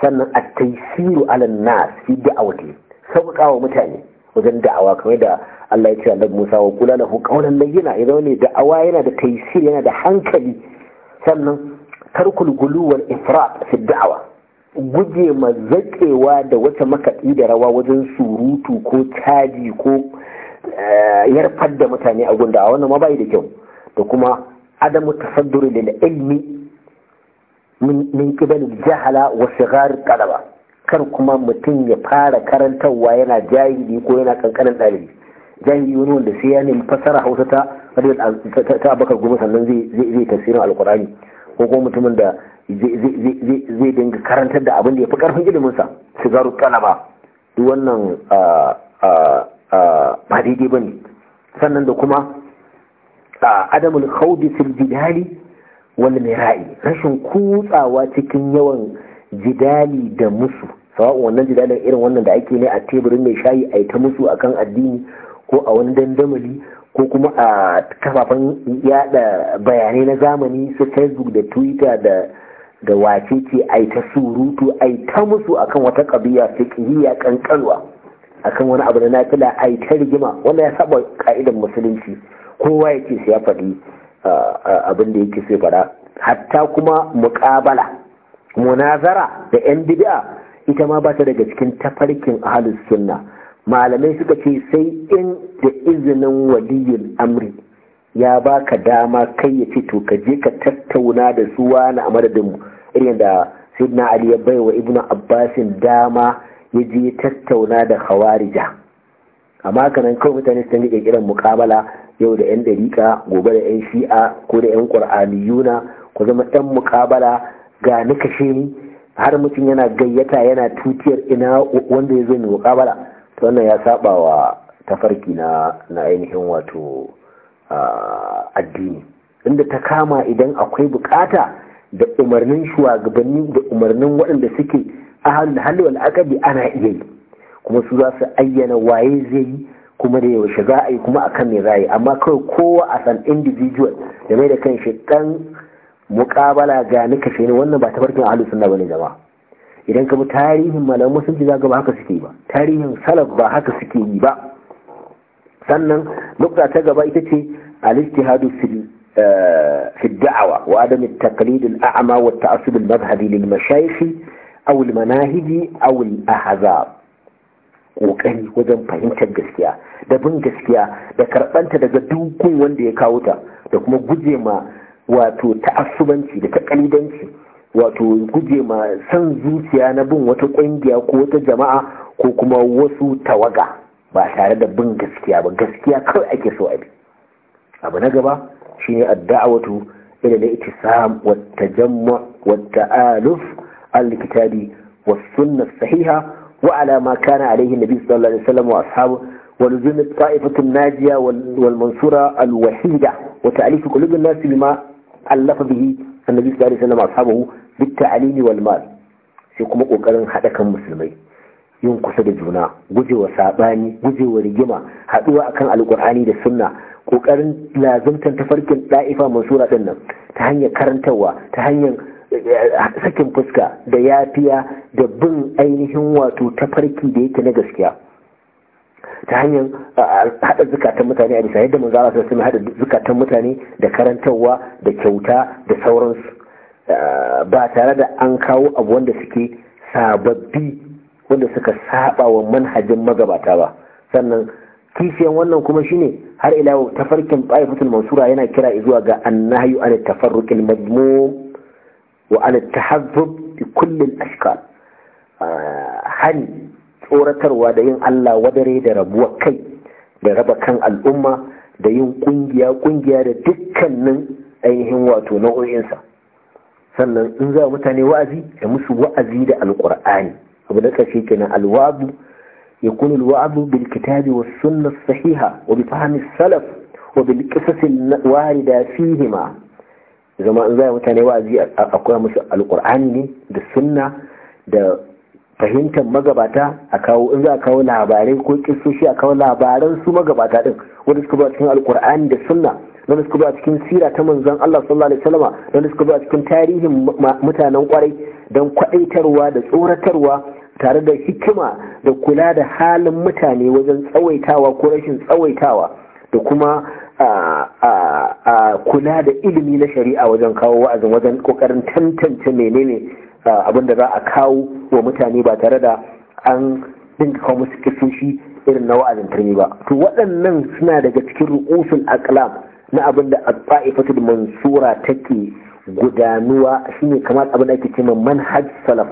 sannan a taisiru alan nas fi da'awati sauƙa wa mutane wajen da'awa kamar da Allah ya ce Allah Musa wa kula lahu qawlan layyina idan ne da'awa yana da taisir yana da hankali sannan tarkul gulu wal ifrat fi da'awa guje ma zakewa da wata makaɗi da rawa wajen surutu ko caji ko Eh, yarfar da mutane a gunda a wannan ma bai da kyau da kuma adamu tasadduri lil ilmi min qibal jahala wa sigar talaba kar kuma mutum ya fara karantarwa yana jahili ko yana kankanin dalibi jahili wani wanda sai ya nemi fasara hausa ta ta abakar goma sannan zai tafsirin alkurani ko kuma mutumin da zai dinga karantar da abin da ya fi karfin iliminsa sigar talaba duk wannan ah, ah, ba daidai ba ne sannan da kuma adamul khawdi fil jidali wal mira'i rashin kutsawa cikin yawan jidali da musu sawa'u wannan jidalin irin wannan da ake ne a teburin mai shayi a ta musu akan addini ko a wani dandamali ko kuma a kafafen yada bayanai na zamani su facebook da twitter da da wace ce a ta surutu a ta musu akan wata kabiya fiqhiyya kankanwa akan wani abu da na fila a yi ta rigima wanda ya saba ka'idan musulunci kowa yake sai ya faɗi abin da yake sai fara hatta kuma muƙabala munazara da yan dibi'a ita ma ba ta daga cikin tafarkin ahalus sunna malamai suka ce sai in da izinin waliyyar amri ya baka dama kai ya ce to ka je ka tattauna da suwa na a madadin irin da sidna ali ya baiwa ibnu abbasin dama ya je tattauna da khawarija amma kanan kawai mutane sun rike kiran muƙabala yau da yan dariƙa gobe da yan shi'a ko da yan qur'aniyuna ku zama ɗan muƙabala ga ni kashe ni har mutum yana gayyata yana tutiyar ina wanda ya zo mai muƙabala to wannan ya saba wa tafarki na na ainihin wato addini inda ta kama idan akwai bukata da umarnin shugabanni da umarnin waɗanda suke ahalul halli wal aqdi ana iya yi kuma su za su ayyana waye zai yi kuma da yaushe za a yi kuma akan me za a yi amma kawai kowa a san individual da mai da kan shi dan muqabala ga ni kashe ne wannan ba tabarkin ahlus sunna bane jama'a idan ka bi tarihin malaman musulunci za ga ba haka suke ba tarihin salaf ba haka suke yi ba sannan nukta ta gaba ita ce al-ijtihadu fil في الدعوة وعدم التقليد الأعمى والتعصب المذهبي للمشايخ awul manahiji awul ahzab kokari wajen fahimtar gaskiya da bin gaskiya da karɓanta daga dukkan wanda ya kawo ta da kuma guje ma wato ta'assubanci da takalidanci wato guje ma san zuciya na bin wata ƙungiya ko wata jama'a ko kuma wasu tawaga ba tare da bin gaskiya ba gaskiya kawai ake so bi. abu na gaba shine ad-da'watu ila al-ittisam wat tajammu wat ta'aluf الكتاب والسنة الصحيحة وعلى ما كان عليه النبي صلى الله عليه وسلم وأصحابه ولزوم الطائفة الناجية والمنصورة الوحيدة وتأليف قلوب الناس بما ألف به النبي صلى الله عليه وسلم وأصحابه بالتعليم والمال سيكم أقرن حدك المسلمين yin kusa da juna gujewa saɓani gujewa rigima haɗuwa akan alƙur'ani da sunna ƙoƙarin lazimtan tafarkin ɗa'ifa mansura ɗin nan ta hanyar karantarwa ta hanyar sakin fuska da yafiya da bin ainihin wato tafarki da yake na gaskiya ta hanyar haɗa zukatan mutane a bisa yadda manzara sai sun haɗa zukatan mutane da karantarwa da kyauta da sauransu ba tare da an kawo abu wanda suke sababbi wanda suka saba wa manhajin magabata ba sannan kishiyan wannan kuma shine har ila tafarkin tafarkin fatul mansura yana kira zuwa ga annahayu an tafarruqil majmum وعلى bi kullin الأشكال هني tsoratarwa da yin Allah wadare da rabuwar kai da raba kan al'umma da yin kungiya-kungiya da dukkanin ainihin wato nau'o'insa sannan in za mutane wa'azi da musu wa'azi da alƙur'ani abu da kashe kenan alwazu ya kunu alwazu bil kitabi was sahiha wa bi fahmi salaf wa bil qisas al warida fihima zama in zai mutane wa'azi a koya musu alkur'ani ne da sunna da fahimtar magabata a kawo in za a kawo labarai ko kisoshi a kawo labaran su magabata din wanda suka ba cikin alkur'ani da sunna wanda suka ba cikin sira ta manzon Allah sallallahu alaihi wasallama wanda suka ba cikin tarihin mutanen kwarai don kwadaitarwa da tsoratarwa tare da hikima da kula da halin mutane wajen tsawaitawa ko rashin tsawaitawa da kuma A kula da ilimi na shari'a wajen kawo wa'azin wajen kokarin tantance menene abin da za a kawo wa mutane ba tare da an dinka kawo musu kisoshi irin na wa'azin tarmi ba to waɗannan suna daga cikin rukusun aklam na abin da abba'i faifatul mansura take gudanuwa shine kamar abin da ake cewa manhaj salaf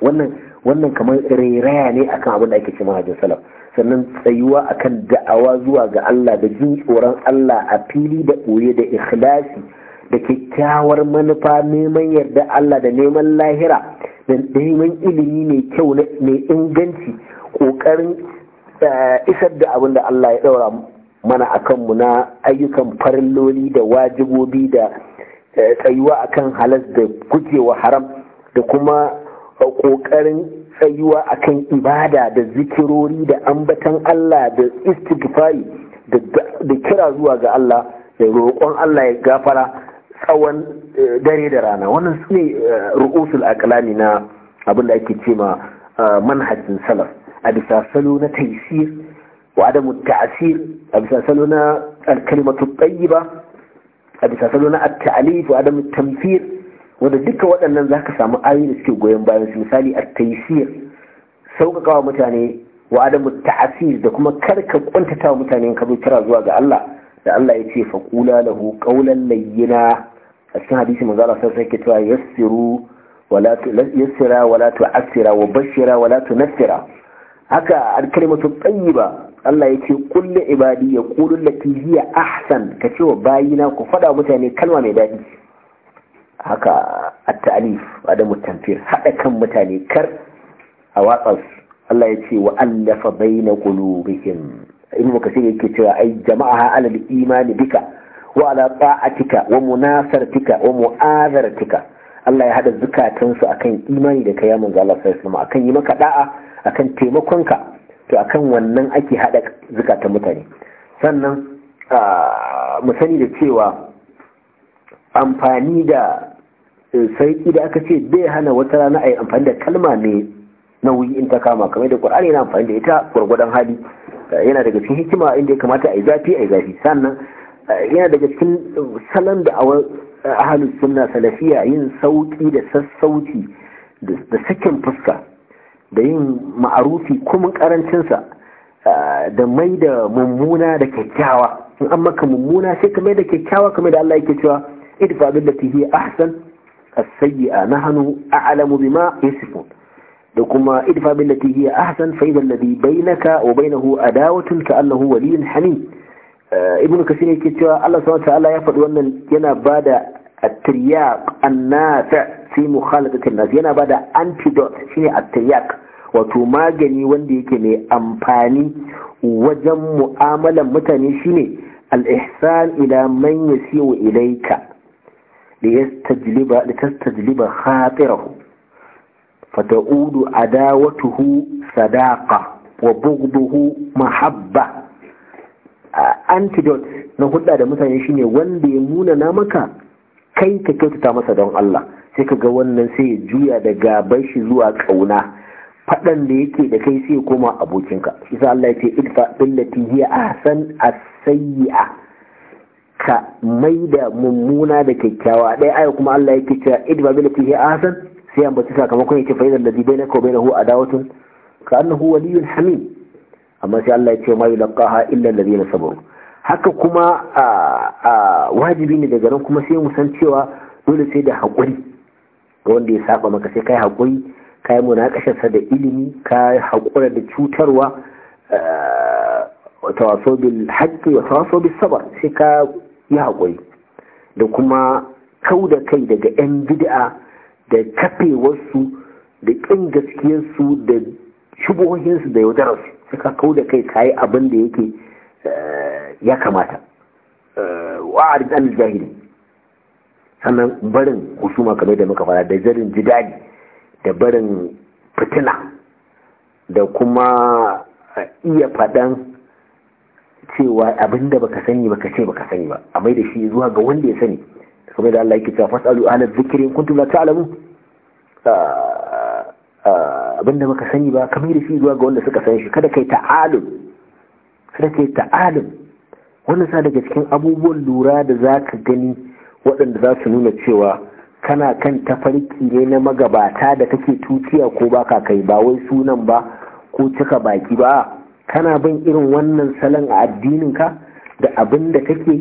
wannan wannan kamar rairaya ne akan abin da ake ce manhajin salaf sannan tsayuwa akan da'awa zuwa ga Allah da jin tsoron Allah a fili da ɓoye da ikhlasi da kyakkyawar manufa neman yarda Allah da neman lahira da neman ilimi mai kyau mai inganci ƙoƙarin eh, isar da abin da Allah ya ɗaura mana a kanmu na ayyukan farilloli da wajibobi da eh, tsayuwa akan halas da gujewa haram da kuma A ƙoƙarin tsayuwa akan ibada da zikirori da ambatan Allah da istighfari da kira zuwa ga Allah da roƙon Allah ya gafara tsawon eh, dare da rana wannan su ne eh, ru'usul akalami na abin da ake ce ma eh, manhajin salaf a bisa salo na taisir wa adamu ta'asir a bisa salo na alkalimatu tayyiba a bisa salo na at-ta'alif wa adamu tamfir wanda duka waɗannan za ka samu ayoyi da suke goyon bayan su misali a taisir sauƙaƙa wa mutane wa adamu ta'asir da kuma karka kuntata wa mutane ka zo kira zuwa ga Allah da Allah ya ce faqula lahu qawlan layyina a cikin hadisi manzo Allah sai yake cewa yassiru wala yassira wala asira, wa bashira wala tunassira haka al-kalimatu tayyiba Allah ya ce kulli ibadi ya qulu lati hiya ahsan ce wa bayina ku faɗa mutane kalma mai daɗi haka ta'alif a adamu tanfir haɗa kan mutane kar a watsa Allah ya ce wa allafa baina qulubihim ka sai yake cewa ai jama'a ha alal imani bika wa ala ta'atika wa munasartika wa mu'azartika Allah ya haɗa zukatansu akan imani da kayan manzo Allah sallallahu alaihi akan yi maka da'a akan taimakonka to akan wannan ake hada zukatan mutane sannan ah, mu sani da cewa amfani da sai da aka ce bai hana wata rana a yi amfani da kalma mai nauyi in ta kama kamar da ƙwararri yana amfani da ita gwargwadon hali yana daga cikin hikima inda ya kamata a yi zafi a yi zafi sannan eh, yana daga cikin salon da a halin sunna salafiya yin sauki da sassauci da sakin fuska da yin ma'arufi kuma karancinsa eh, da mai da mummuna da kyakkyawa in an maka mummuna sai ka mai da kyakkyawa kamar da Allah yake cewa idfa billati hi ahsan as-sayyi'a nahnu a'lamu bima yasifun da kuma idfa billati hiya ahsan fa idha alladhi bainaka wa bainahu adawatun ka'annahu waliyyun hamim ibnu kasir yake cewa Allah subhanahu wa ta'ala ya faɗi wannan yana bada at-tiryaq an-nafi' fi mukhalatati an-nas yana bada antidote shine at wato magani wanda yake mai amfani wajen mu'amalan mutane shine al-ihsan ila man yasiu ilayka litastajliba khatirahu fata'udu adawatuhu sadaqa wa bughduhu mahabba antidote na hudda da mutane shine wanda ya munana maka kai ka kyautata masa don Allah sai ka ga wannan sai ya juya da gaban shi zuwa kauna fadan da yake da kai sai ya koma abokinka shi sa Allah ya ce idfa billati hiya ahsan as-sayyi'a ka maida mummuna da kyakkyawa ɗaya aya kuma Allah yake cewa idba bil fihi ahsan sai an bace sakamakon yake fa idan ladhi bainaka wa bainahu adawatun ka annahu waliyyun hamim amma sai Allah ya ce ma yulqaha illa alladhina sabaru haka kuma wajibi ne daga nan kuma sai mu san cewa dole sai da haƙuri wanda ya saba maka sai kai haƙuri kai munakasharsa da ilimi kai haƙura da cutarwa وتواصوا بالحق وتواصوا بالصبر sai ka ya haƙuri da kuma kau da kai daga 'yan bid'a da kafewarsu da ƙin gaskiyarsu da shubohinsu da yaudararsu suka kau da kai kayi abin da yake eh, ya kamata eh, wa'ar dan jahili sannan barin husuma kamar da muka fara da zarin jidadi, da barin fitina da kuma eh, iya faɗan cewa abinda baka sani baka ce baka sani ba a mai da shi zuwa ga wanda ya sani kuma da Allah yake cewa fasalu ala zikri in kuntum la ta'lamun abinda baka sani ba kamar da shi zuwa ga wanda suka san shi kada kai ta'alum kada kai ta'alum wannan sa daga cikin abubuwan lura da zaka gani waɗanda za su nuna cewa kana kan tafarki ne na magabata da kake tuciya ko baka kai ba wai sunan ba ko cika baki ba kana bin irin wannan salon a addininka da abin da kake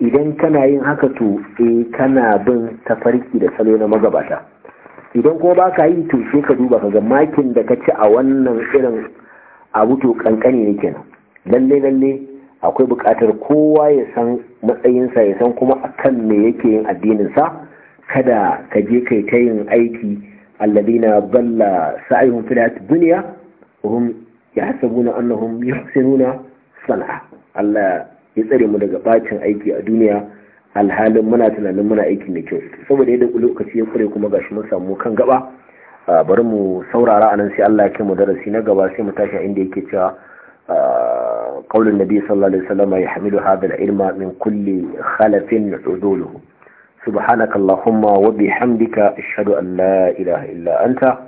idan kana yin haka to eh kana bin tafarki da salo na magabata idan kuma ba ka yi to sai ka duba ka ga makin da ka ci a wannan irin abu to kankani ne kenan lalle lalle akwai buƙatar kowa ya san matsayinsa ya san kuma akan me yake yin addininsa kada ka je kai ta yin aiki alladina balla sa'ihum fil hayatid dunya na annahum yuhsinuna san'a Allah ya tsare mu daga bacin aiki a duniya alhalin muna tunanin muna aiki mai kyau saboda yadda lokaci ya kure kuma gashi mun samu kan gaba bari mu saurara anan sai Allah ya kai mu darasi na gaba sai mu tashi inda yake cewa qaulun nabi sallallahu alaihi wasallam وسلم يحمل هذا العلم min kulli khalafin yuduluhu subhanakallahumma wa bihamdika ashhadu an la ilaha illa anta.